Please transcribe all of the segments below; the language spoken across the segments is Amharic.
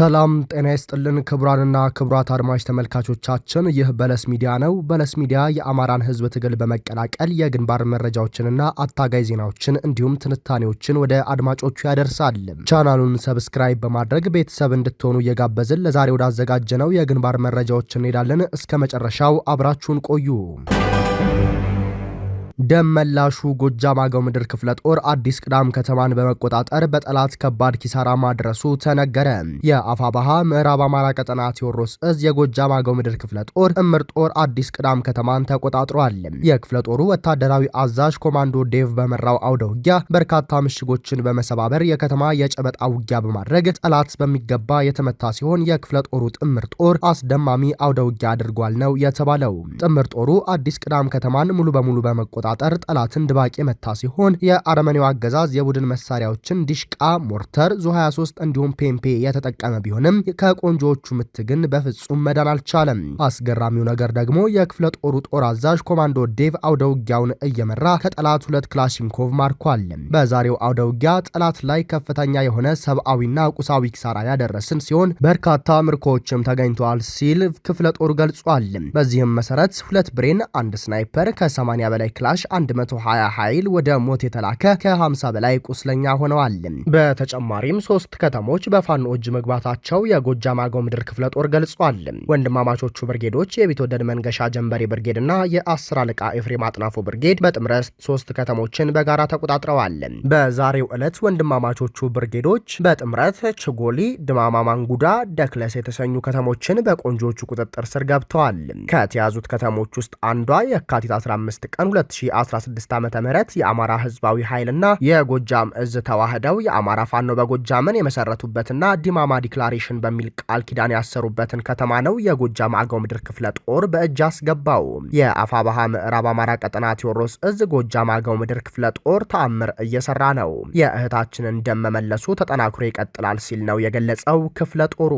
ሰላም ጤና ይስጥልን ክቡራንና ክቡራት አድማጭ ተመልካቾቻችን፣ ይህ በለስ ሚዲያ ነው። በለስ ሚዲያ የአማራን ሕዝብ ትግል በመቀላቀል የግንባር መረጃዎችንና አታጋይ ዜናዎችን እንዲሁም ትንታኔዎችን ወደ አድማጮቹ ያደርሳል። ቻናሉን ሰብስክራይብ በማድረግ ቤተሰብ እንድትሆኑ እየጋበዝን ለዛሬ ወዳዘጋጀነው የግንባር መረጃዎች እንሄዳለን። እስከ መጨረሻው አብራችሁን ቆዩ። ደም መላሹ ጎጃም አገው ምድር ክፍለ ጦር አዲስ ቅዳም ከተማን በመቆጣጠር በጠላት ከባድ ኪሳራ ማድረሱ ተነገረ። የአፋባሃ ምዕራብ አማራ ቀጠና ቴዎድሮስ እዝ የጎጃም አገው ምድር ክፍለ ጦር እምር ጦር አዲስ ቅዳም ከተማን ተቆጣጥሯል። የክፍለ ጦሩ ወታደራዊ አዛዥ ኮማንዶ ዴቭ በመራው አውደ ውጊያ በርካታ ምሽጎችን በመሰባበር የከተማ የጨበጣ ውጊያ በማድረግ ጠላት በሚገባ የተመታ ሲሆን የክፍለ ጦሩ ጥምር ጦር አስደማሚ አውደ ውጊያ አድርጓል ነው የተባለው። ጥምር ጦሩ አዲስ ቅዳም ከተማን ሙሉ በሙሉ በመቆጣ በማቃጠር ጠላትን ድባቅ የመታ ሲሆን የአረመኔው አገዛዝ የቡድን መሳሪያዎችን ዲሽቃ፣ ሞርተር፣ ዙ 23 እንዲሁም ፔምፔ የተጠቀመ ቢሆንም ከቆንጆዎቹ ምት ግን በፍጹም መዳን አልቻለም። አስገራሚው ነገር ደግሞ የክፍለ ጦሩ ጦር አዛዥ ኮማንዶ ዴቭ አውደ ውጊያውን እየመራ ከጠላት ሁለት ክላሽንኮቭ ማርኳል። በዛሬው አውደ ውጊያ ጠላት ላይ ከፍተኛ የሆነ ሰብአዊና ቁሳዊ ኪሳራ ያደረስን ሲሆን በርካታ ምርኮዎችም ተገኝተዋል ሲል ክፍለ ጦሩ ገልጿል። በዚህም መሰረት ሁለት ብሬን፣ አንድ ስናይፐር ከ80 በላይ ክላ አዳራሽ 120 ኃይል ወደ ሞት የተላከ ከ50 በላይ ቁስለኛ ሆነዋል። በተጨማሪም ሶስት ከተሞች በፋኖ እጅ መግባታቸው የጎጃም አገው ምድር ክፍለ ጦር ገልጿል። ወንድማማቾቹ ብርጌዶች የቢትወደድ መንገሻ ጀንበሬ ብርጌድና የአስር አለቃ ኤፍሬም አጥናፉ ብርጌድ በጥምረት ሶስት ከተሞችን በጋራ ተቆጣጥረዋል። በዛሬው ዕለት ወንድማማቾቹ ብርጌዶች በጥምረት ችጎሊ፣ ድማማ፣ ማንጉዳ፣ ደክለስ የተሰኙ ከተሞችን በቆንጆቹ ቁጥጥር ስር ገብተዋል። ከተያዙት ከተሞች ውስጥ አንዷ የካቲት 15 ቀን 2016 ዓ ም የአማራ ህዝባዊ ኃይልና የጎጃም እዝ ተዋህደው የአማራ ፋኖ በጎጃምን የመሰረቱበትና ዲማማ ዲክላሬሽን በሚል ቃል ኪዳን ያሰሩበትን ከተማ ነው የጎጃም አገው ምድር ክፍለ ጦር በእጅ አስገባው። የአፋባሃ ምዕራብ አማራ ቀጠና ቴዎድሮስ እዝ ጎጃም አገው ምድር ክፍለ ጦር ተአምር እየሰራ ነው፣ የእህታችንን ደም መመለሱ ተጠናክሮ ይቀጥላል ሲል ነው የገለጸው ክፍለ ጦሩ።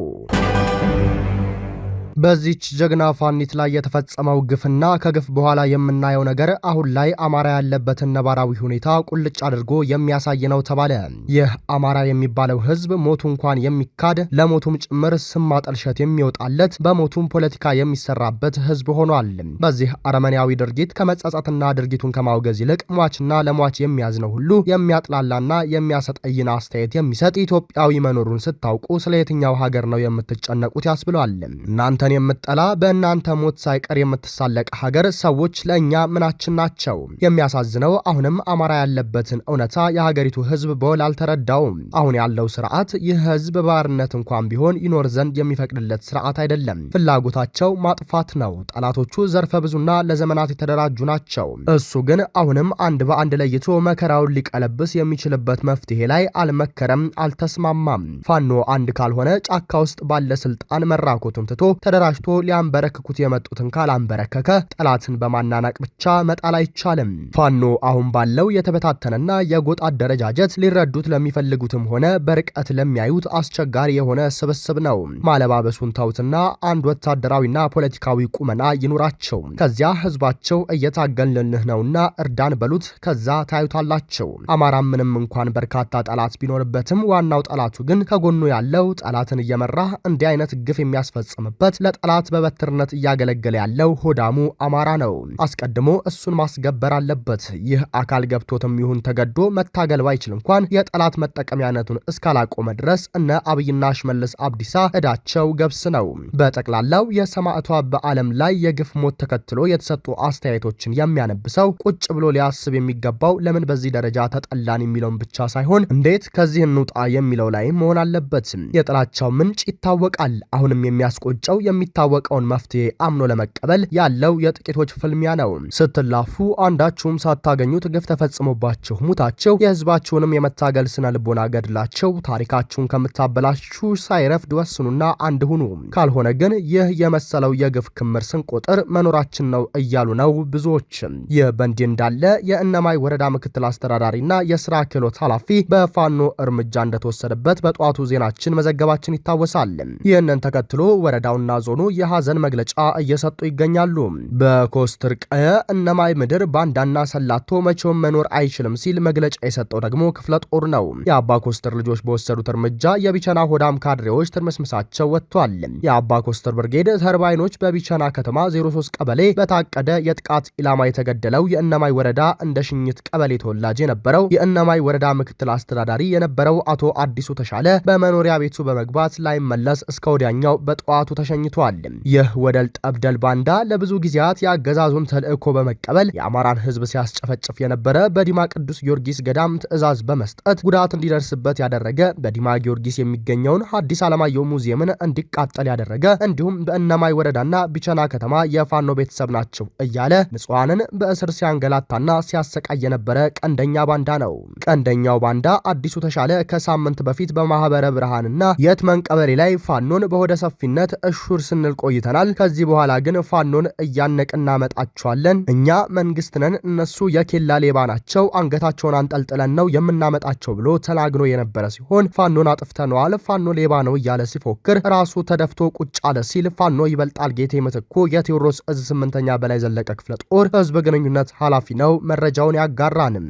በዚች ጀግና ፋኒት ላይ የተፈጸመው ግፍና ከግፍ በኋላ የምናየው ነገር አሁን ላይ አማራ ያለበትን ነባራዊ ሁኔታ ቁልጭ አድርጎ የሚያሳይ ነው ተባለ። ይህ አማራ የሚባለው ህዝብ ሞቱ እንኳን የሚካድ ለሞቱም ጭምር ስም ማጠልሸት የሚወጣለት በሞቱም ፖለቲካ የሚሰራበት ህዝብ ሆኗል። በዚህ አረመኔያዊ ድርጊት ከመጸጸትና ድርጊቱን ከማውገዝ ይልቅ ሟችና ለሟች የሚያዝነው ሁሉ የሚያጥላላና የሚያሰጠይን አስተያየት የሚሰጥ ኢትዮጵያዊ መኖሩን ስታውቁ ስለ የትኛው ሀገር ነው የምትጨነቁት? ያስብለዋል እናንተ እናንተን የምጠላ በእናንተ ሞት ሳይቀር የምትሳለቅ ሀገር ሰዎች ለእኛ ምናችን ናቸው። የሚያሳዝነው አሁንም አማራ ያለበትን እውነታ የሀገሪቱ ህዝብ በወል አልተረዳውም። አሁን ያለው ስርዓት ይህ ህዝብ በባርነት እንኳን ቢሆን ይኖር ዘንድ የሚፈቅድለት ስርዓት አይደለም። ፍላጎታቸው ማጥፋት ነው። ጠላቶቹ ዘርፈ ብዙና ለዘመናት የተደራጁ ናቸው። እሱ ግን አሁንም አንድ በአንድ ለይቶ መከራውን ሊቀለብስ የሚችልበት መፍትሄ ላይ አልመከረም፣ አልተስማማም። ፋኖ አንድ ካልሆነ ጫካ ውስጥ ባለ ስልጣን መራኮቱን ትቶ ተደራጅቶ ሊያንበረክኩት የመጡትን ካላንበረከከ ጠላትን በማናናቅ ብቻ መጣል አይቻልም። ፋኖ አሁን ባለው የተበታተነና የጎጥ አደረጃጀት ሊረዱት ለሚፈልጉትም ሆነ በርቀት ለሚያዩት አስቸጋሪ የሆነ ስብስብ ነው። ማለባበሱን ተውትና አንድ ወታደራዊና ፖለቲካዊ ቁመና ይኑራቸው። ከዚያ ህዝባቸው እየታገልንልህ ነውና እርዳን በሉት። ከዛ ታዩታላቸው። አማራ ምንም እንኳን በርካታ ጠላት ቢኖርበትም ዋናው ጠላቱ ግን ከጎኑ ያለው ጠላትን እየመራ እንዲህ አይነት ግፍ የሚያስፈጽምበት ለጠላት በበትርነት እያገለገለ ያለው ሆዳሙ አማራ ነው። አስቀድሞ እሱን ማስገበር አለበት። ይህ አካል ገብቶትም ይሁን ተገዶ መታገል ባይችል እንኳን የጠላት መጠቀሚያነቱን እስካላቆመ ድረስ እነ አብይና ሽመልስ አብዲሳ እዳቸው ገብስ ነው። በጠቅላላው የሰማዕቷ በዓለም ላይ የግፍ ሞት ተከትሎ የተሰጡ አስተያየቶችን የሚያነብሰው ቁጭ ብሎ ሊያስብ የሚገባው ለምን በዚህ ደረጃ ተጠላን የሚለውን ብቻ ሳይሆን እንዴት ከዚህ እንውጣ የሚለው ላይ መሆን አለበት። የጥላቻው ምንጭ ይታወቃል። አሁንም የሚያስቆጨው የሚታወቀውን መፍትሄ አምኖ ለመቀበል ያለው የጥቂቶች ፍልሚያ ነው። ስትላፉ አንዳችሁም ሳታገኙት ግፍ ተፈጽሞባችሁ ሙታቸው የህዝባችሁንም የመታገል ስነ ልቦና ገድላቸው ታሪካችሁን ከምታበላችሁ ሳይረፍድ ወስኑና አንድ ሁኑ። ካልሆነ ግን ይህ የመሰለው የግፍ ክምር ስንቆጥር መኖራችን ነው እያሉ ነው ብዙዎች። ይህ በእንዲህ እንዳለ የእነማይ ወረዳ ምክትል አስተዳዳሪና የስራ ክህሎት ኃላፊ በፋኖ እርምጃ እንደተወሰደበት በጠዋቱ ዜናችን መዘገባችን ይታወሳል። ይህንን ተከትሎ ወረዳውና ዞኑ የሐዘን መግለጫ እየሰጡ ይገኛሉ። በኮስትር ቀየ እነማይ ምድር ባንዳና ሰላቶ መቼውም መኖር አይችልም ሲል መግለጫ የሰጠው ደግሞ ክፍለ ጦር ነው። የአባ ኮስተር ልጆች በወሰዱት እርምጃ የቢቸና ሆዳም ካድሬዎች ትርምስምሳቸው ወጥቷል። የአባ ኮስተር ብርጌድ ተርባይኖች በቢቸና ከተማ 03 ቀበሌ በታቀደ የጥቃት ኢላማ የተገደለው የእነማይ ወረዳ እንደ ሽኝት ቀበሌ ተወላጅ የነበረው የእነማይ ወረዳ ምክትል አስተዳዳሪ የነበረው አቶ አዲሱ ተሻለ በመኖሪያ ቤቱ በመግባት ላይመለስ እስከ ወዲያኛው በጠዋቱ ተሸኝቷል። ተገኝቷል። ይህ ወደል ጠብደል ባንዳ ለብዙ ጊዜያት የአገዛዙን ተልእኮ በመቀበል የአማራን ህዝብ ሲያስጨፈጭፍ የነበረ በዲማ ቅዱስ ጊዮርጊስ ገዳም ትዕዛዝ በመስጠት ጉዳት እንዲደርስበት ያደረገ በዲማ ጊዮርጊስ የሚገኘውን ሐዲስ ዓለማየሁ ሙዚየምን እንዲቃጠል ያደረገ እንዲሁም በእነማይ ወረዳና ቢቸና ከተማ የፋኖ ቤተሰብ ናቸው እያለ ንጹሐንን በእስር ሲያንገላታና ሲያሰቃይ የነበረ ቀንደኛ ባንዳ ነው። ቀንደኛው ባንዳ አዲሱ ተሻለ ከሳምንት በፊት በማህበረ ብርሃንና የት መንቀበሌ ላይ ፋኖን በሆደ ሰፊነት እሹር ጉድ ስንል ቆይተናል። ከዚህ በኋላ ግን ፋኖን እያነቅ እናመጣቸዋለን። እኛ መንግስት ነን፣ እነሱ የኬላ ሌባ ናቸው፣ አንገታቸውን አንጠልጥለን ነው የምናመጣቸው ብሎ ተናግኖ የነበረ ሲሆን ፋኖን አጥፍተነዋል፣ ፋኖ ሌባ ነው እያለ ሲፎክር ራሱ ተደፍቶ ቁጭ አለ ሲል ፋኖ ይበልጣል ጌቴ ምትኩ የቴዎድሮስ እዝ ስምንተኛ በላይ ዘለቀ ክፍለ ጦር ህዝብ ግንኙነት ኃላፊ ነው መረጃውን ያጋራንም።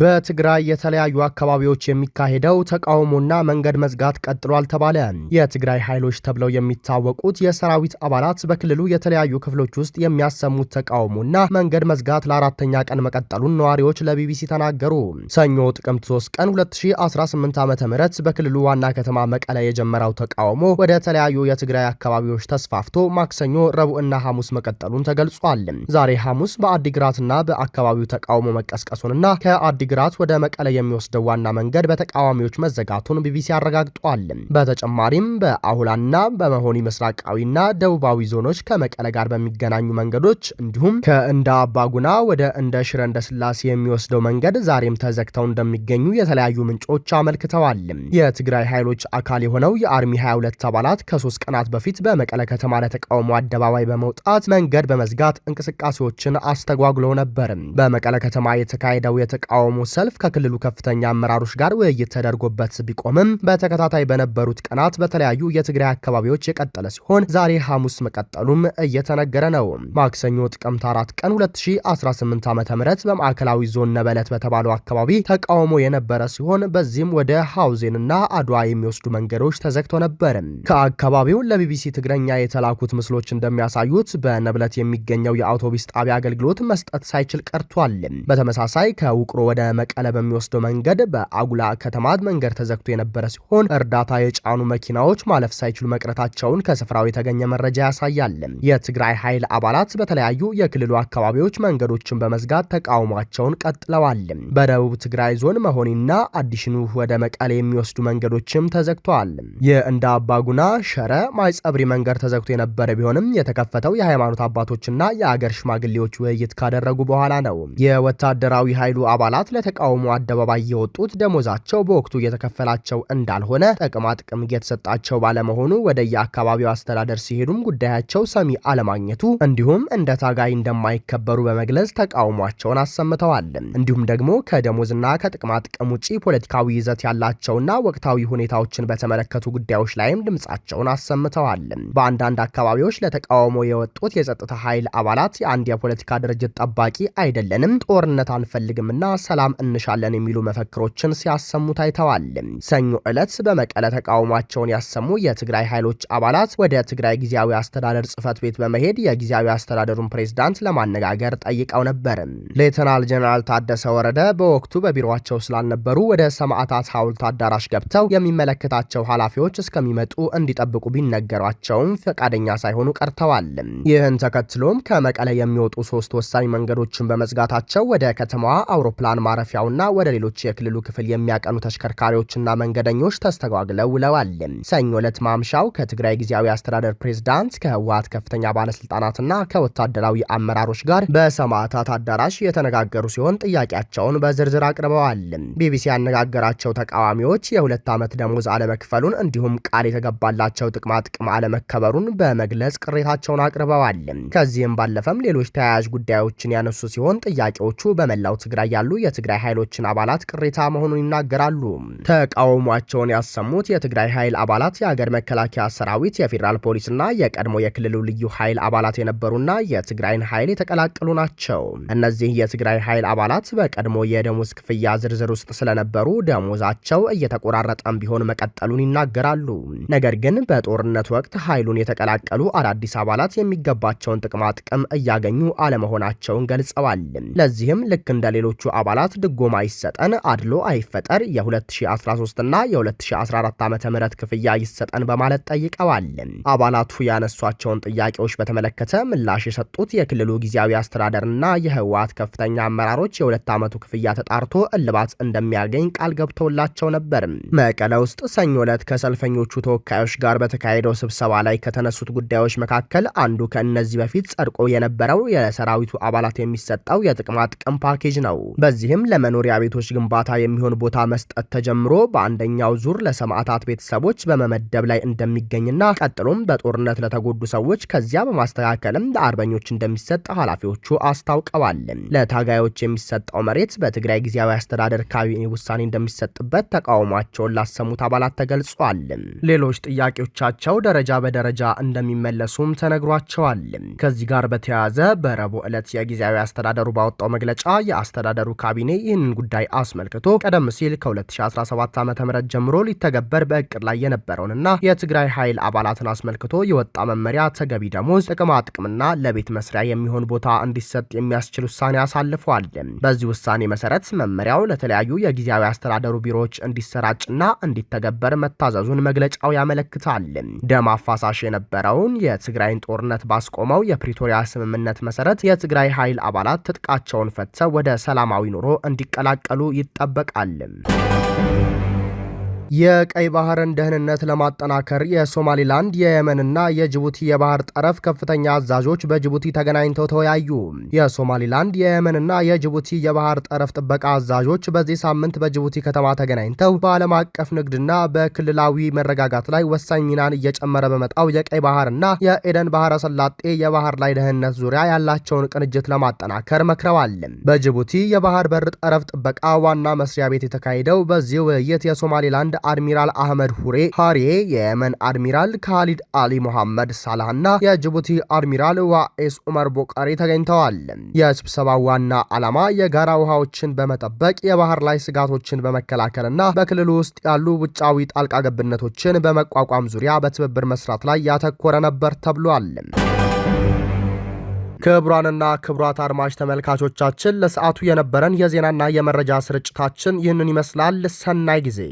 በትግራይ የተለያዩ አካባቢዎች የሚካሄደው ተቃውሞና መንገድ መዝጋት ቀጥሏል ተባለ። የትግራይ ኃይሎች ተብለው የሚታወቁት የሰራዊት አባላት በክልሉ የተለያዩ ክፍሎች ውስጥ የሚያሰሙት ተቃውሞና መንገድ መዝጋት ለአራተኛ ቀን መቀጠሉን ነዋሪዎች ለቢቢሲ ተናገሩ። ሰኞ ጥቅምት 3 ቀን 2018 ዓ ም በክልሉ ዋና ከተማ መቀለ የጀመረው ተቃውሞ ወደ ተለያዩ የትግራይ አካባቢዎች ተስፋፍቶ ማክሰኞ፣ ረቡዕና ሐሙስ መቀጠሉን ተገልጿል። ዛሬ ሐሙስ በአዲግራትና በአካባቢው ተቃውሞ መቀስቀሱንና ከአዲ ከአዲግራት ወደ መቀለ የሚወስደው ዋና መንገድ በተቃዋሚዎች መዘጋቱን ቢቢሲ አረጋግጧል። በተጨማሪም በአሁላና በመሆኒ ምስራቃዊና ደቡባዊ ዞኖች ከመቀለ ጋር በሚገናኙ መንገዶች እንዲሁም ከእንደ አባጉና ወደ እንደ ሽረ እንደ ስላሴ የሚወስደው መንገድ ዛሬም ተዘግተው እንደሚገኙ የተለያዩ ምንጮች አመልክተዋል። የትግራይ ኃይሎች አካል የሆነው የአርሚ 22 አባላት ከሶስት ቀናት በፊት በመቀለ ከተማ ለተቃውሞ አደባባይ በመውጣት መንገድ በመዝጋት እንቅስቃሴዎችን አስተጓጉለው ነበር። በመቀለ ከተማ የተካሄደው የተቃውሞ የተቃውሞ ሰልፍ ከክልሉ ከፍተኛ አመራሮች ጋር ውይይት ተደርጎበት ቢቆምም በተከታታይ በነበሩት ቀናት በተለያዩ የትግራይ አካባቢዎች የቀጠለ ሲሆን ዛሬ ሐሙስ መቀጠሉም እየተነገረ ነው። ማክሰኞ ጥቅምት 4 ቀን 2018 ዓ ም በማዕከላዊ ዞን ነበለት በተባለው አካባቢ ተቃውሞ የነበረ ሲሆን በዚህም ወደ ሐውዜንና አድዋ የሚወስዱ መንገዶች ተዘግቶ ነበር። ከአካባቢው ለቢቢሲ ትግረኛ የተላኩት ምስሎች እንደሚያሳዩት በነብለት የሚገኘው የአውቶቡስ ጣቢያ አገልግሎት መስጠት ሳይችል ቀርቷል። በተመሳሳይ ከውቅሮ ወደ መቀለ በሚወስደው መንገድ በአጉላ ከተማ መንገድ ተዘግቶ የነበረ ሲሆን እርዳታ የጫኑ መኪናዎች ማለፍ ሳይችሉ መቅረታቸውን ከስፍራው የተገኘ መረጃ ያሳያል። የትግራይ ኃይል አባላት በተለያዩ የክልሉ አካባቢዎች መንገዶችን በመዝጋት ተቃውሟቸውን ቀጥለዋል። በደቡብ ትግራይ ዞን መሆኒና አዲሽኑ ወደ መቀሌ የሚወስዱ መንገዶችም ተዘግተዋል። የእንደ አባጉና ሸረ ማይጸብሪ መንገድ ተዘግቶ የነበረ ቢሆንም የተከፈተው የሃይማኖት አባቶችና የአገር ሽማግሌዎች ውይይት ካደረጉ በኋላ ነው። የወታደራዊ ኃይሉ አባላት አባላት ለተቃውሞ አደባባይ የወጡት ደሞዛቸው በወቅቱ እየተከፈላቸው እንዳልሆነ፣ ጥቅማ ጥቅም እየተሰጣቸው ባለመሆኑ ወደ የአካባቢው አስተዳደር ሲሄዱም ጉዳያቸው ሰሚ አለማግኘቱ እንዲሁም እንደ ታጋይ እንደማይከበሩ በመግለጽ ተቃውሟቸውን አሰምተዋል። እንዲሁም ደግሞ ከደሞዝና ከጥቅማ ጥቅም ውጪ ፖለቲካዊ ይዘት ያላቸውና ወቅታዊ ሁኔታዎችን በተመለከቱ ጉዳዮች ላይም ድምጻቸውን አሰምተዋል። በአንዳንድ አካባቢዎች ለተቃውሞ የወጡት የጸጥታ ኃይል አባላት የአንድ የፖለቲካ ድርጅት ጠባቂ አይደለንም፣ ጦርነት አንፈልግምና ሰላም እንሻለን የሚሉ መፈክሮችን ሲያሰሙ ታይተዋል። ሰኞ ዕለት በመቀለ ተቃውሟቸውን ያሰሙ የትግራይ ኃይሎች አባላት ወደ ትግራይ ጊዜያዊ አስተዳደር ጽህፈት ቤት በመሄድ የጊዜያዊ አስተዳደሩን ፕሬዝዳንት ለማነጋገር ጠይቀው ነበር። ሌተናል ጀነራል ታደሰ ወረደ በወቅቱ በቢሮቸው ስላልነበሩ ወደ ሰማዕታት ሐውልት አዳራሽ ገብተው የሚመለከታቸው ኃላፊዎች እስከሚመጡ እንዲጠብቁ ቢነገሯቸውም ፈቃደኛ ሳይሆኑ ቀርተዋል። ይህን ተከትሎም ከመቀለ የሚወጡ ሶስት ወሳኝ መንገዶችን በመዝጋታቸው ወደ ከተማዋ አውሮፕላን ማረፊያውና ወደ ሌሎች የክልሉ ክፍል የሚያቀኑ ተሽከርካሪዎችና መንገደኞች ተስተጓግለው ውለዋል። ሰኞ ዕለት ማምሻው ከትግራይ ጊዜያዊ አስተዳደር ፕሬዝዳንት ከህወሀት ከፍተኛ ባለስልጣናትና ከወታደራዊ አመራሮች ጋር በሰማዕታት አዳራሽ የተነጋገሩ ሲሆን ጥያቄያቸውን በዝርዝር አቅርበዋል። ቢቢሲ ያነጋገራቸው ተቃዋሚዎች የሁለት ዓመት ደሞዝ አለመክፈሉን እንዲሁም ቃል የተገባላቸው ጥቅማ ጥቅም አለመከበሩን በመግለጽ ቅሬታቸውን አቅርበዋል። ከዚህም ባለፈም ሌሎች ተያያዥ ጉዳዮችን ያነሱ ሲሆን ጥያቄዎቹ በመላው ትግራይ ያሉ የትግራይ ኃይሎችን አባላት ቅሬታ መሆኑን ይናገራሉ። ተቃውሟቸውን ያሰሙት የትግራይ ኃይል አባላት የሀገር መከላከያ ሰራዊት፣ የፌዴራል ፖሊስና የቀድሞ የክልሉ ልዩ ኃይል አባላት የነበሩና የትግራይን ኃይል የተቀላቀሉ ናቸው። እነዚህ የትግራይ ኃይል አባላት በቀድሞ የደሞዝ ክፍያ ዝርዝር ውስጥ ስለነበሩ ደሞዛቸው እየተቆራረጠም ቢሆን መቀጠሉን ይናገራሉ። ነገር ግን በጦርነት ወቅት ኃይሉን የተቀላቀሉ አዳዲስ አባላት የሚገባቸውን ጥቅማ ጥቅም እያገኙ አለመሆናቸውን ገልጸዋል። ለዚህም ልክ እንደ ሌሎቹ አባላት ለማህበራት ድጎማ ይሰጠን፣ አድሎ አይፈጠር፣ የ2013 ና የ2014 ዓ ም ክፍያ ይሰጠን በማለት ጠይቀዋል። አባላቱ ያነሷቸውን ጥያቄዎች በተመለከተ ምላሽ የሰጡት የክልሉ ጊዜያዊ አስተዳደርና የህወሓት ከፍተኛ አመራሮች የሁለት ዓመቱ ክፍያ ተጣርቶ እልባት እንደሚያገኝ ቃል ገብተውላቸው ነበር። መቀለ ውስጥ ሰኞ ዕለት ከሰልፈኞቹ ተወካዮች ጋር በተካሄደው ስብሰባ ላይ ከተነሱት ጉዳዮች መካከል አንዱ ከእነዚህ በፊት ጸድቆ የነበረው የሰራዊቱ አባላት የሚሰጠው የጥቅማ ጥቅም ፓኬጅ ነው። በዚህም ይህም ለመኖሪያ ቤቶች ግንባታ የሚሆን ቦታ መስጠት ተጀምሮ በአንደኛው ዙር ለሰማዕታት ቤተሰቦች በመመደብ ላይ እንደሚገኝና ቀጥሎም በጦርነት ለተጎዱ ሰዎች ከዚያ በማስተካከልም ለአርበኞች እንደሚሰጥ ኃላፊዎቹ አስታውቀዋል። ለታጋዮች የሚሰጠው መሬት በትግራይ ጊዜያዊ አስተዳደር ካቢኔ ውሳኔ እንደሚሰጥበት ተቃውሟቸውን ላሰሙት አባላት ተገልጿል። ሌሎች ጥያቄዎቻቸው ደረጃ በደረጃ እንደሚመለሱም ተነግሯቸዋል። ከዚህ ጋር በተያያዘ በረቡዕ ዕለት የጊዜያዊ አስተዳደሩ ባወጣው መግለጫ የአስተዳደሩ ካ ካቢኔ ይህንን ጉዳይ አስመልክቶ ቀደም ሲል ከ2017 ዓ ም ጀምሮ ሊተገበር በእቅድ ላይ የነበረውንና የትግራይ ኃይል አባላትን አስመልክቶ የወጣ መመሪያ ተገቢ ደሞዝ፣ ጥቅማ ጥቅምና ለቤት መስሪያ የሚሆን ቦታ እንዲሰጥ የሚያስችል ውሳኔ አሳልፈዋል። በዚህ ውሳኔ መሰረት መመሪያው ለተለያዩ የጊዜያዊ አስተዳደሩ ቢሮዎች እንዲሰራጭና እንዲተገበር መታዘዙን መግለጫው ያመለክታል። ደም አፋሳሽ የነበረውን የትግራይን ጦርነት ባስቆመው የፕሪቶሪያ ስምምነት መሰረት የትግራይ ኃይል አባላት ትጥቃቸውን ፈትተው ወደ ሰላማዊ ኑሮ ጨምሮ እንዲቀላቀሉ ይጠበቃል። የቀይ ባህርን ደህንነት ለማጠናከር የሶማሊላንድ የየመንና የጅቡቲ የባህር ጠረፍ ከፍተኛ አዛዦች በጅቡቲ ተገናኝተው ተወያዩ። የሶማሊላንድ የየመንና የጅቡቲ የባህር ጠረፍ ጥበቃ አዛዦች በዚህ ሳምንት በጅቡቲ ከተማ ተገናኝተው በዓለም አቀፍ ንግድና በክልላዊ መረጋጋት ላይ ወሳኝ ሚናን እየጨመረ በመጣው የቀይ ባህርና የኤደን ባህረ ሰላጤ የባህር ላይ ደህንነት ዙሪያ ያላቸውን ቅንጅት ለማጠናከር መክረዋል። በጅቡቲ የባህር በር ጠረፍ ጥበቃ ዋና መስሪያ ቤት የተካሄደው በዚህ ውይይት የሶማሊላንድ አድሚራል አህመድ ሁሬ ሃሬ፣ የየመን አድሚራል ካሊድ አሊ ሙሐመድ ሳላህና የጅቡቲ አድሚራል ዋኤስ ኡመር ቦቃሪ ተገኝተዋል። የስብሰባው ዋና ዓላማ የጋራ ውሃዎችን በመጠበቅ የባህር ላይ ስጋቶችን በመከላከልና በክልሉ ውስጥ ያሉ ውጫዊ ጣልቃ ገብነቶችን በመቋቋም ዙሪያ በትብብር መስራት ላይ ያተኮረ ነበር ተብሏል። ክቡራንና ክቡራት አድማጭ ተመልካቾቻችን ለሰዓቱ የነበረን የዜናና የመረጃ ስርጭታችን ይህንን ይመስላል። ሰናይ ጊዜ